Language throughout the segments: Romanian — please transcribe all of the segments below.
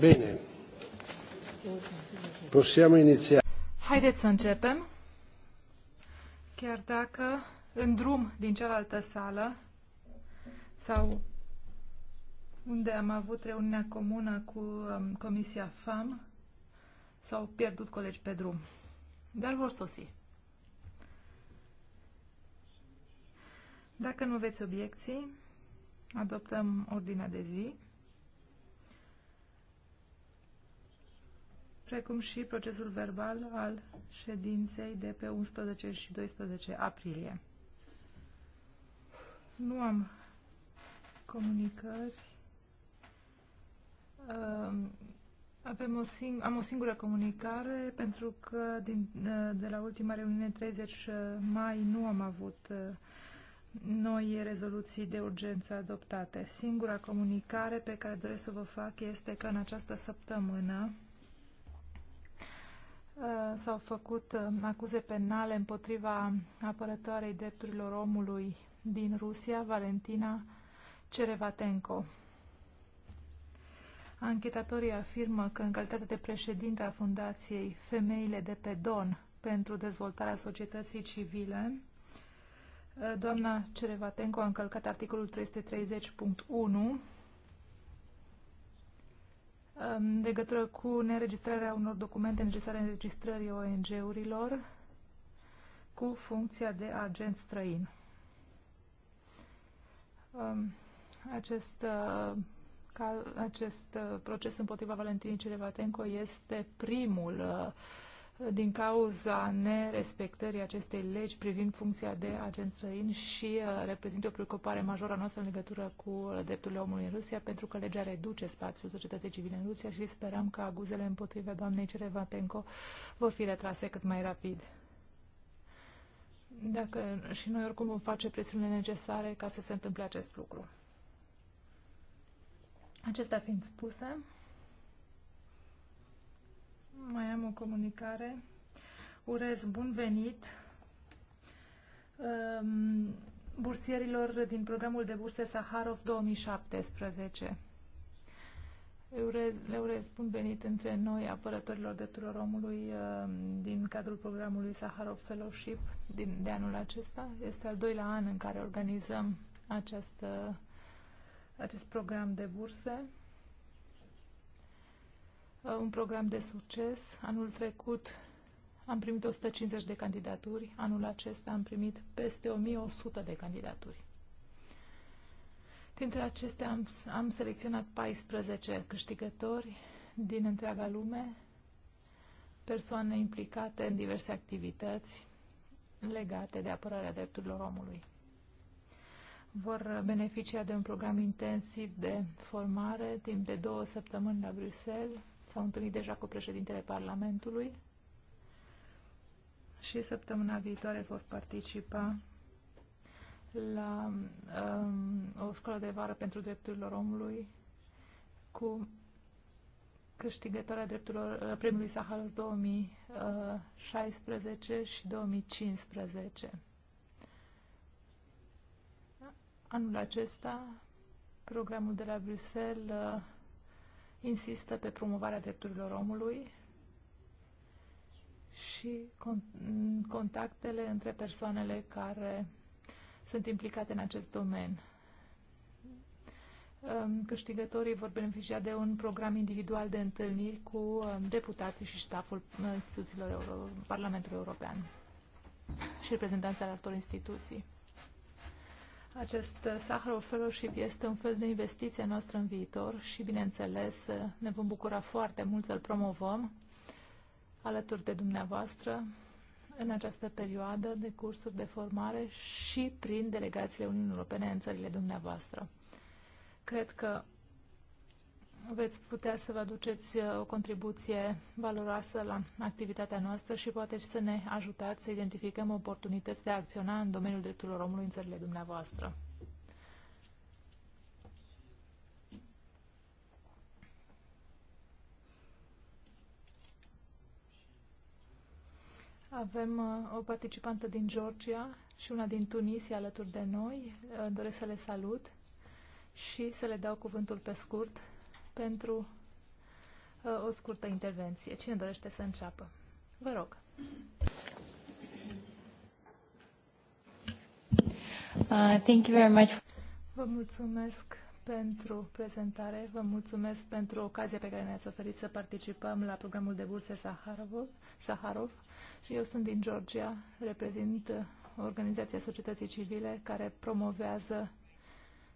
Bine. Possiamo iniziare. Haideți să începem. Chiar dacă în drum din cealaltă sală sau unde am avut reuniunea comună cu um, Comisia FAM, s-au pierdut colegi pe drum. Dar vor sosi. Dacă nu veți obiecții, adoptăm ordinea de zi. precum și procesul verbal al ședinței de pe 11 și 12 aprilie. Nu am comunicări. Avem o sing am o singură comunicare pentru că din, de la ultima reuniune 30 mai nu am avut uh, noi rezoluții de urgență adoptate. Singura comunicare pe care doresc să vă fac este că în această săptămână Uh, s-au făcut uh, acuze penale împotriva apărătoarei drepturilor omului din Rusia, Valentina Cerevatenko. Anchetatorii afirmă că în calitate de președinte a Fundației Femeile de pe Don pentru dezvoltarea societății civile, uh, doamna Cerevatenko a încălcat articolul 330.1 în legătură cu neregistrarea unor documente necesare înregistrării ONG-urilor cu funcția de agent străin. Um, acest, uh, acest uh, proces împotriva Valentinii Cerevatenco este primul uh, din cauza nerespectării acestei legi privind funcția de agent străin și uh, reprezintă o preocupare majoră a noastră în legătură cu drepturile omului în Rusia, pentru că legea reduce spațiul societății civile în Rusia și sperăm că aguzele împotriva doamnei Cerevatenko vor fi retrase cât mai rapid. Dacă și noi oricum vom face presiunile necesare ca să se întâmple acest lucru. Acestea fiind spuse, mai am o comunicare. Urez bun venit um, bursierilor din programul de burse Saharov 2017. Le urez, le urez bun venit între noi, apărătorilor drepturilor omului, um, din cadrul programului Saharov Fellowship din, de anul acesta. Este al doilea an în care organizăm această, acest program de burse. Uh, un program de succes. Anul trecut am primit 150 de candidaturi, anul acesta am primit peste 1100 de candidaturi. Dintre acestea am, am selecționat 14 câștigători din întreaga lume, persoane implicate în diverse activități legate de apărarea drepturilor omului. Vor beneficia de un program intensiv de formare timp de două săptămâni la Bruxelles, S-au întâlnit deja cu președintele Parlamentului și săptămâna viitoare vor participa la um, o școală de vară pentru drepturile omului cu câștigătoarea drepturilor uh, premiului Saharov 2016 uh, și 2015. Anul acesta, programul de la Bruxelles uh, insistă pe promovarea drepturilor omului și contactele între persoanele care sunt implicate în acest domeniu. Um, câștigătorii vor beneficia de un program individual de întâlniri cu um, deputații și staful uh, instituțiilor Euro Parlamentului European și reprezentanții al altor instituții. Acest Saharov Fellowship este un fel de investiție noastră în viitor și, bineînțeles, ne vom bucura foarte mult să-l promovăm alături de dumneavoastră în această perioadă de cursuri de formare și prin delegațiile Uniunii Europene în țările dumneavoastră. Cred că veți putea să vă aduceți uh, o contribuție valoroasă la activitatea noastră și poate și să ne ajutați să identificăm oportunități de a acționa în domeniul drepturilor omului în țările dumneavoastră. Avem uh, o participantă din Georgia și una din Tunisia alături de noi. Uh, doresc să le salut și să le dau cuvântul pe scurt pentru uh, o scurtă intervenție. Cine dorește să înceapă? Vă rog. Uh, thank you very much. Vă mulțumesc pentru prezentare, vă mulțumesc pentru ocazia pe care ne-ați oferit să participăm la programul de burse Saharov, Saharov și eu sunt din Georgia, reprezint uh, organizația societății civile care promovează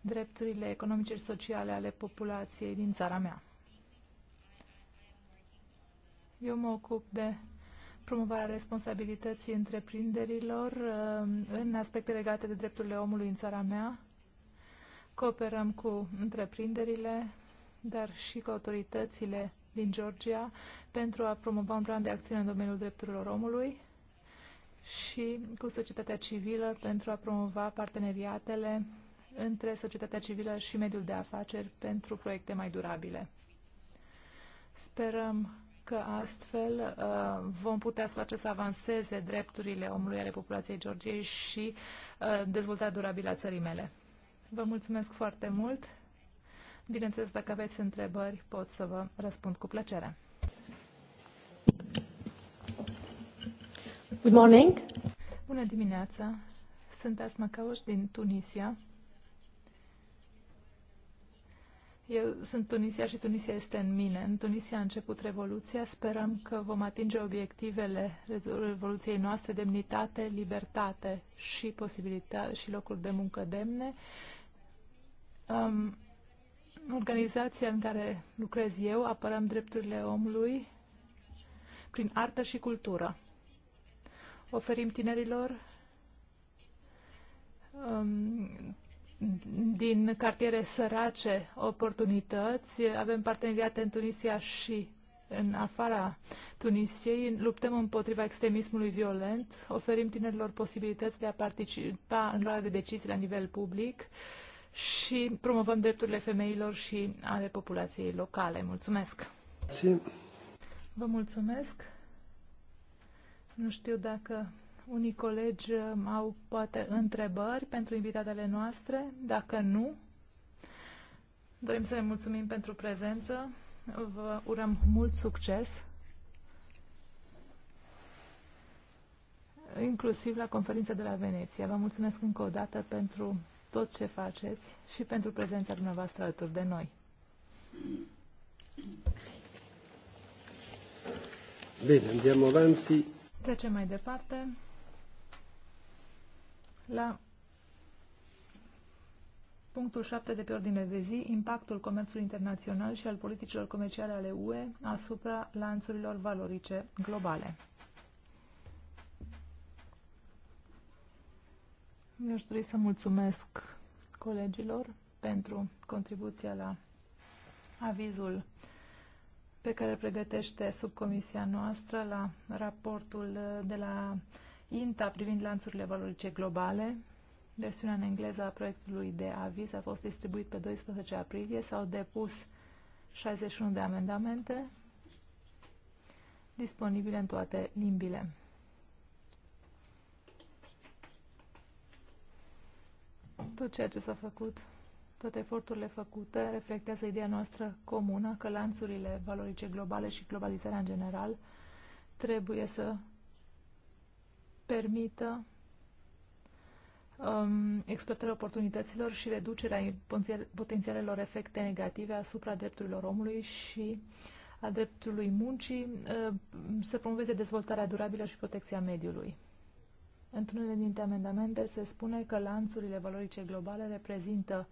drepturile economice și sociale ale populației din țara mea. Eu mă ocup de promovarea responsabilității întreprinderilor uh, în aspecte legate de drepturile omului în țara mea. Cooperăm cu întreprinderile, dar și cu autoritățile din Georgia pentru a promova un plan de acțiune în domeniul drepturilor omului și cu societatea civilă pentru a promova parteneriatele între societatea civilă și mediul de afaceri pentru proiecte mai durabile. Sperăm că astfel uh, vom putea să face să avanseze drepturile omului ale populației Georgiei și uh, dezvoltarea durabilă a țării mele. Vă mulțumesc foarte mult. Bineînțeles, dacă aveți întrebări, pot să vă răspund cu plăcere. Good morning. Bună dimineața. Sunt Asma Cauș din Tunisia. Eu sunt Tunisia și Tunisia este în mine. În Tunisia a început revoluția, sperăm că vom atinge obiectivele revoluției noastre, demnitate, libertate și posibilitate și locuri de muncă demne. Um, organizația în care lucrez eu apărăm drepturile omului prin artă și cultură. Oferim tinerilor um, din cartiere sărace oportunități. Avem parteneriate în Tunisia și în afara Tunisiei. Luptăm împotriva extremismului violent, oferim tinerilor posibilități de a participa în luarea de decizii la nivel public și promovăm drepturile femeilor și ale populației locale. Mulțumesc! Vă mulțumesc! Nu știu dacă unii colegi um, au poate întrebări pentru invitatele noastre. Dacă nu, dorim să le mulțumim pentru prezență. Vă urăm mult succes, inclusiv la conferința de la Veneția. Vă mulțumesc încă o dată pentru tot ce faceți și pentru prezența dumneavoastră alături de noi. Bine, andiamo avanti. Trecem mai departe. La punctul 7 de pe ordine de zi, impactul comerțului internațional și al politicilor comerciale ale UE asupra lanțurilor valorice globale. Eu aș dori să mulțumesc colegilor pentru contribuția la avizul pe care îl pregătește subcomisia noastră la raportul de la INTA privind lanțurile valorice globale. Versiunea în engleză a proiectului de aviz a fost distribuit pe 12 aprilie. S-au depus 61 de amendamente disponibile în toate limbile. Tot ceea ce s-a făcut, toate eforturile făcute, reflectează ideea noastră comună că lanțurile valorice globale și globalizarea în general trebuie să permită um, exploatarea oportunităților și reducerea potențialelor efecte negative asupra drepturilor omului și a dreptului muncii, uh, să promoveze dezvoltarea durabilă și protecția mediului. Într-unele dintre amendamente se spune că lanțurile valorice globale reprezintă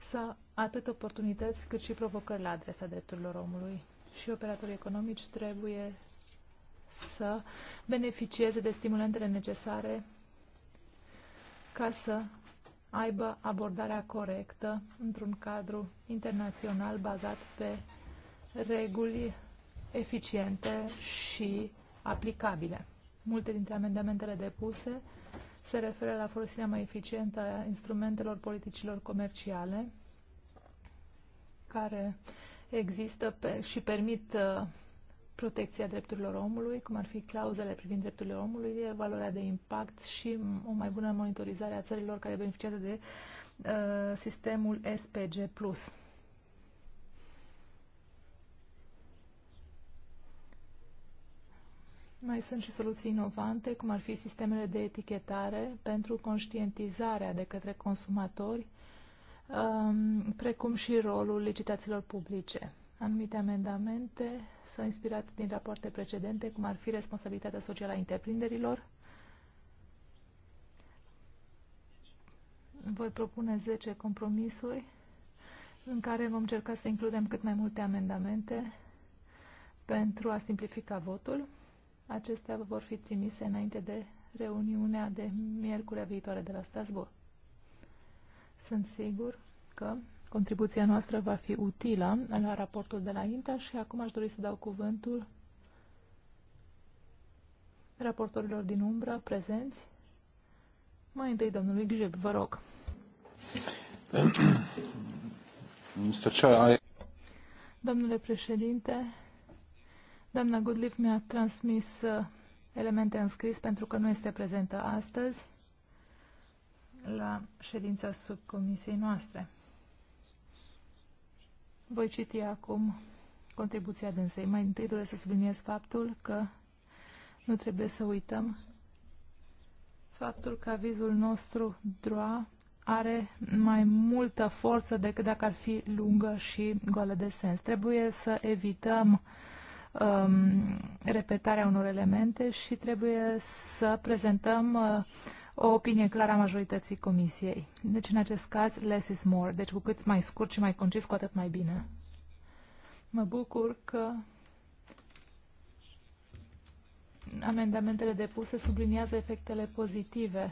să atât oportunități cât și provocări la adresa drepturilor omului și operatorii economici trebuie să beneficieze de stimulantele necesare ca să aibă abordarea corectă într-un cadru internațional bazat pe reguli eficiente și aplicabile. Multe dintre amendamentele depuse se referă la folosirea mai eficientă a instrumentelor politicilor comerciale care există pe, și permit uh, protecția drepturilor omului, cum ar fi clauzele privind drepturile omului, valoarea de impact și o mai bună monitorizare a țărilor care beneficiază de uh, sistemul SPG+. Mai sunt și soluții inovante, cum ar fi sistemele de etichetare pentru conștientizarea de către consumatori, um, precum și rolul licitațiilor publice. Anumite amendamente s-a inspirat din rapoarte precedente, cum ar fi responsabilitatea socială a întreprinderilor. Voi propune 10 compromisuri în care vom încerca să includem cât mai multe amendamente pentru a simplifica votul. Acestea vor fi trimise înainte de reuniunea de miercurea viitoare de la Strasbourg. Sunt sigur că Contribuția noastră va fi utilă la raportul de la INTA și acum aș dori să dau cuvântul raportorilor din umbră prezenți. Mai întâi domnului Gjeb, vă rog. Domnule președinte, doamna Goodleaf mi-a transmis uh, elemente înscris pentru că nu este prezentă astăzi la ședința subcomisiei noastre. Voi citi acum contribuția dânsei. Mai întâi doresc să subliniez faptul că nu trebuie să uităm faptul că avizul nostru DROA are mai multă forță decât dacă ar fi lungă și goală de sens. Trebuie să evităm um, repetarea unor elemente și trebuie să prezentăm uh, o opinie clară a majorității comisiei. Deci, în acest caz, less is more. Deci, cu cât mai scurt și mai concis, cu atât mai bine. Mă bucur că amendamentele depuse subliniază efectele pozitive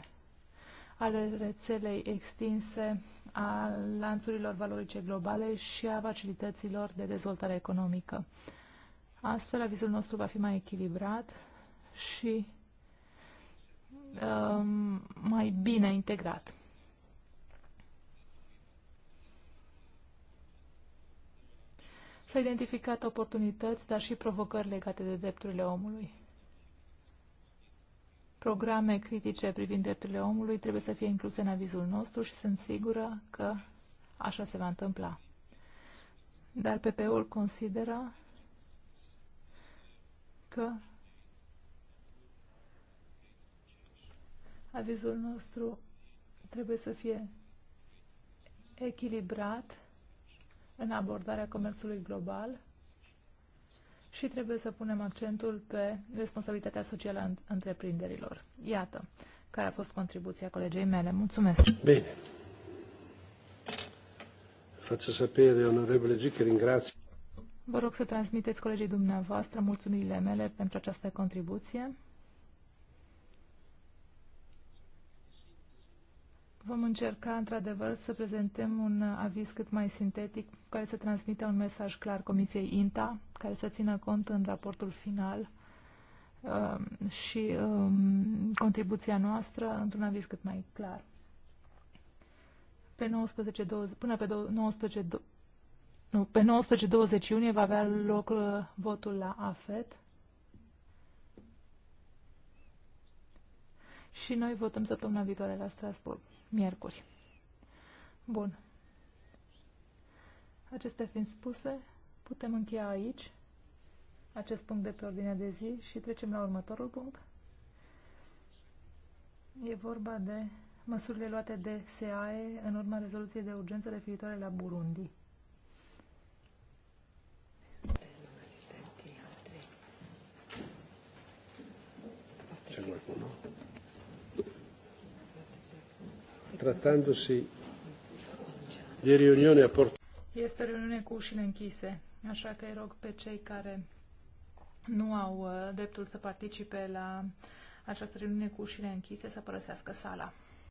ale rețelei extinse a lanțurilor valorice globale și a facilităților de dezvoltare economică. Astfel, avizul nostru va fi mai echilibrat și Um, mai bine integrat. S-a identificat oportunități, dar și provocări legate de drepturile omului. Programe critice privind drepturile omului trebuie să fie incluse în avizul nostru și sunt sigură că așa se va întâmpla. Dar PP-ul consideră că Avizul nostru trebuie să fie echilibrat în abordarea comerțului global și trebuie să punem accentul pe responsabilitatea socială a întreprinderilor. Iată, care a fost contribuția colegei mele. Mulțumesc! Bine! Faceți sapere, onorevole G, che ringrazio. Vă rog să transmiteți colegii dumneavoastră mulțumirile mele pentru această contribuție. Vom încerca, într-adevăr, să prezentăm un aviz cât mai sintetic, care să transmită un mesaj clar Comisiei INTA, care să țină cont în raportul final uh, și um, contribuția noastră într-un aviz cât mai clar. Pe 19, 20, până pe 19, nu, pe 19-20 iunie va avea loc uh, votul la AFET. Și noi votăm săptămâna viitoare la Strasburg miercuri. Bun. Acestea fiind spuse, putem încheia aici acest punct de pe ordinea de zi și trecem la următorul punct. E vorba de măsurile luate de SEAE în urma rezoluției de urgență referitoare la Burundi. trattandosi de riunioni a porta. Este riunione reuniune cu ușile închise, așa că îi rog pe cei care nu au uh, dreptul să participe la această reuniune cu ușile închise să părăsească sala.